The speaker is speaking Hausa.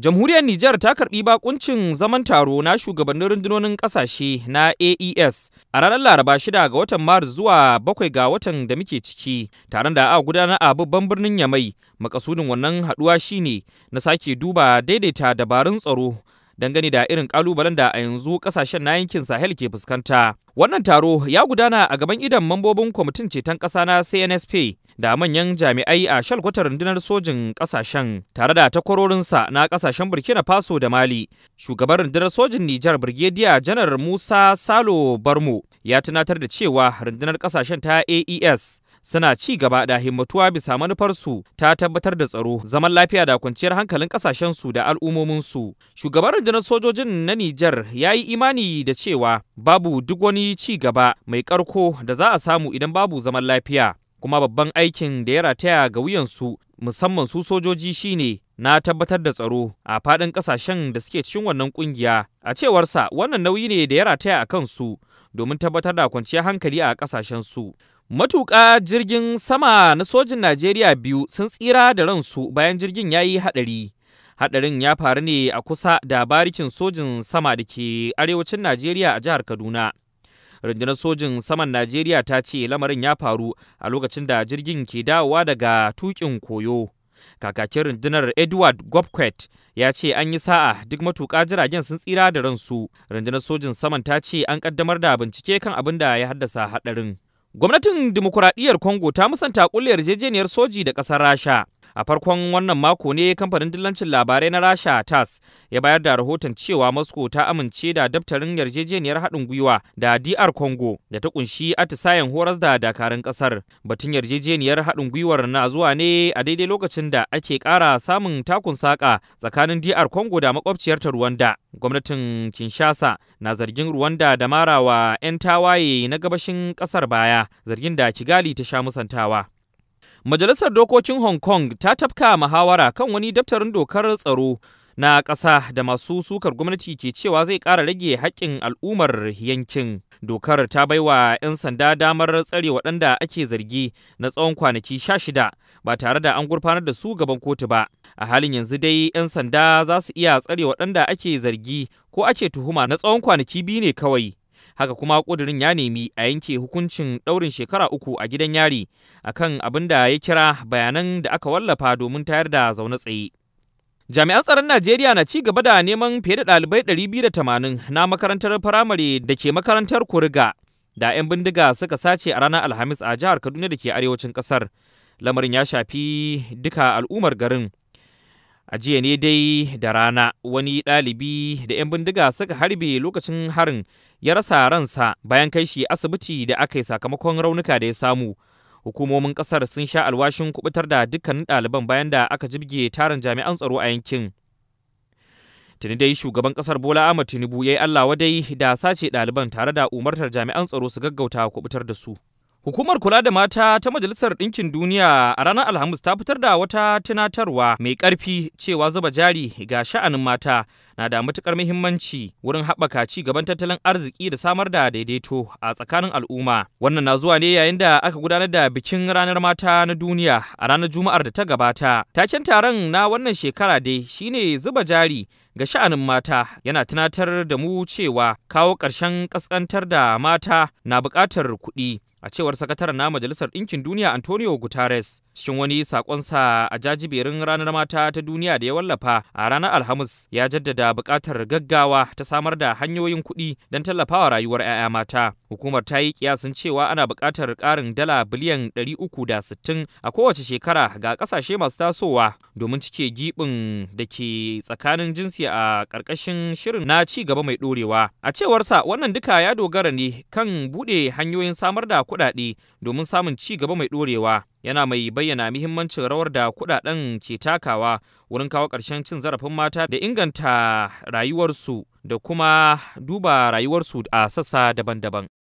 Jamhuriyar Nijar ta karbi bakuncin zaman taro na shugabannin rundunonin kasashe na AES a ranar Laraba 6 ga watan Maris zuwa 7 ga watan da muke ciki, tare da a gudana a babban birnin Yamai. Makasudin wannan haduwa shine na sake duba daidaita dabarun tsaro dangane da irin kalubalen da a yanzu kasashen na yankin Sahel ke fuskanta. Wannan taro ya gudana a gaban idan mambobin kwamitin ceton ƙasa na CNSP da manyan jami'ai a shalkwatar rundunar sojin ƙasashen tare da takwarorinsa na ƙasashen Burkina Faso da Mali. Shugaban rundunar sojin Nijar Birgediya Janar Musa Salo Barmo ya tunatar da cewa rundunar ƙasashen ta AES suna ci gaba da himmatuwa bisa manufarsu ta tabbatar da tsaro zaman lafiya da kwanciyar hankalin kasashensu da al'ummominsu shugaban rundunar sojojin na Nijar ya yi imani da cewa babu duk wani ci gaba mai karko da za a samu idan babu zaman lafiya kuma babban aikin da ya rataya ga wuyansu musamman su sojoji shine na tabbatar da tsaro a faɗin ƙasashen da suke cikin wannan ƙungiya a cewarsa wannan nauyi ne da ya rataya a kansu domin tabbatar da kwanciyar hankali a ƙasashen su matuƙa jirgin sama na sojin najeriya biyu sun tsira da ransu bayan jirgin ya yi haɗari haɗarin ya faru ne a kusa da barikin sojin sama da ke arewacin najeriya a jihar kaduna rundunar sojin saman najeriya ta ce lamarin ya faru a lokacin da jirgin ke dawowa daga tukin koyo kakakin rundunar edward Gopquet ya ce an yi sa'a duk matuƙa jiragen sun tsira da ransu rundunar sojin saman ta ce an kaddamar da bincike kan abin da ya haddasa haɗarin gwamnatin dimokuraɗiyyar kongo ta musanta ƙulliyar yarjejeniyar soji da ƙasar rasha a farkon wannan mako ne kamfanin dillancin labarai na rasha tas ya bayar da rahoton cewa moscow ta amince da daftarin yarjejeniyar haɗin gwiwa da dr congo da ta kunshi atisayen horas da dakarun ƙasar batun yarjejeniyar haɗin gwiwar na zuwa ne a daidai lokacin da ake ƙara samun takun saƙa tsakanin dr congo da makwabciyarta rwanda gwamnatin kinshasa na zargin rwanda da marawa 'yan tawaye na gabashin ƙasar baya zargin da kigali ta sha musantawa Majalisar Dokokin Hong Kong ta tafka muhawara kan wani daftarin dokar tsaro na ƙasa da masu sukar gwamnati ke cewa zai ƙara rage haƙƙin al'ummar yankin. Dokar ta baiwa 'yan sanda damar tsare waɗanda ake zargi na tsawon kwanaki sha shida ba tare da an gurfanar da su gaban kotu ba. A halin yanzu dai 'yan sanda za su iya tsare waɗanda ake zargi ko ake tuhuma na tsawon kwanaki biyu ne kawai. haka kuma ƙudurin ya nemi a yanke hukuncin ɗaurin shekara uku a gidan yari akan abin da ya kira bayanan da aka wallafa domin tayar da zaune tsaye Jami'an tsaron Najeriya na ci gaba da neman fiye da ɗalibai 280 na makarantar firamare da ke makarantar Kuriga da 'yan bindiga suka sace a ranar Alhamis a jihar Kaduna da ke arewacin ƙasar. Lamarin ya shafi duka al'ummar garin a jiya ne dai da rana wani ɗalibi da 'yan bindiga suka harbe lokacin harin ya rasa ransa bayan kai shi asibiti da aka yi sakamakon raunuka da ya samu hukumomin kasar sun sha alwashin kubutar da dukkanin ɗaliban bayan da aka jibge tarin jami'an tsaro a yankin tuni dai shugaban ƙasar bola ahmad tinubu ya yi allah wadai da sace ɗaliban tare da umartar jami'an tsaro su gaggauta kubutar da su Hukumar kula da mata ta Majalisar Ɗinkin Duniya a ranar Alhamis ta fitar da wata tunatarwa mai ƙarfi cewa zuba jari ga sha'anin mata na da matuƙar muhimmanci wurin haɓaka ci gaban tattalin arziki da samar da daidaito a tsakanin al'umma. Wannan na zuwa ne yayin da aka gudanar da bikin ranar mata na duniya a ranar Juma'ar da ta gabata. Taken taron na wannan shekara dai shine zuba jari ga sha'anin mata yana tunatar da mu cewa kawo ƙarshen ƙasƙantar da mata na buƙatar kuɗi. a cewar sakataren na majalisar ɗinkin duniya antonio guterres cikin wani sakonsa a jajiberin ranar mata ta duniya da ya wallafa a ranar alhamis ya jaddada buƙatar gaggawa ta samar da hanyoyin kuɗi don tallafawa rayuwar 'ya'ya mata Hukumar ta yi kiyasin cewa ana buƙatar ƙarin dala biliyan 360 a kowace shekara ga ƙasashe masu tasowa domin cike giɓin da ke tsakanin jinsi a ƙarƙashin shirin na ci gaba mai ɗorewa. A cewarsa wannan duka ya dogara ne kan buɗe hanyoyin samar da kuɗaɗe domin samun ci gaba mai ɗorewa. yana mai bayyana muhimmancin rawar da kuɗaɗen ke takawa wurin kawo ƙarshen cin zarafin mata da inganta rayuwarsu da kuma duba rayuwarsu a sassa daban-daban.